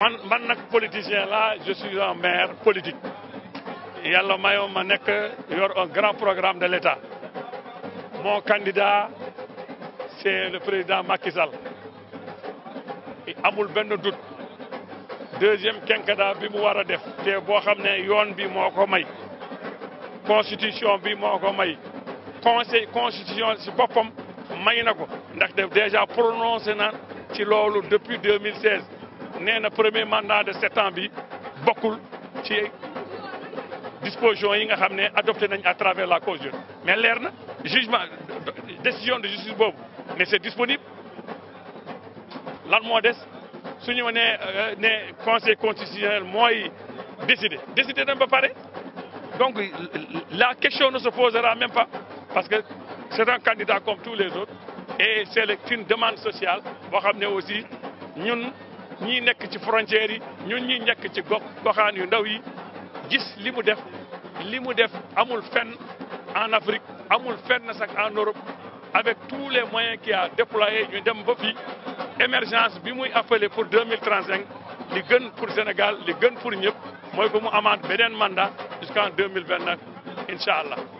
man politicien là, je suis un maire politique Il y a un grand programme de l'État mon candidat c'est le président Macky Sall amul de doute deuxième quinquennat je suis a def de constitution bi conseil constitution si pas déjà prononcé ci depuis 2016 nee na premier mandat de sept ans bi bokkul ci dispositions yi nga xam à travers la cause mais leer jugement décision de justice c'est disponible lan moo si nous avons conseil constitutionnel mooy décider décider d'un ba parler. donc la question ne se posera même pas parce que c'est un candidat comme tous les autres et c'est une demande sociale boo xam aussi ñun. Nous nek ci frontières yi ñun ñi Nous ci gox goxaan yu ndaw yi gis nous def limu def amul fenn en Afrique amul fenn sax en Europe avec tous les moyens qu'il a déployés ñu dem ba fi émergence bi muy appelé pour 2035 li gën pour Sénégal li gën pour ñëpp mooy que mu amaat beneen mandat jusqu'en 2029 Inch'Allah.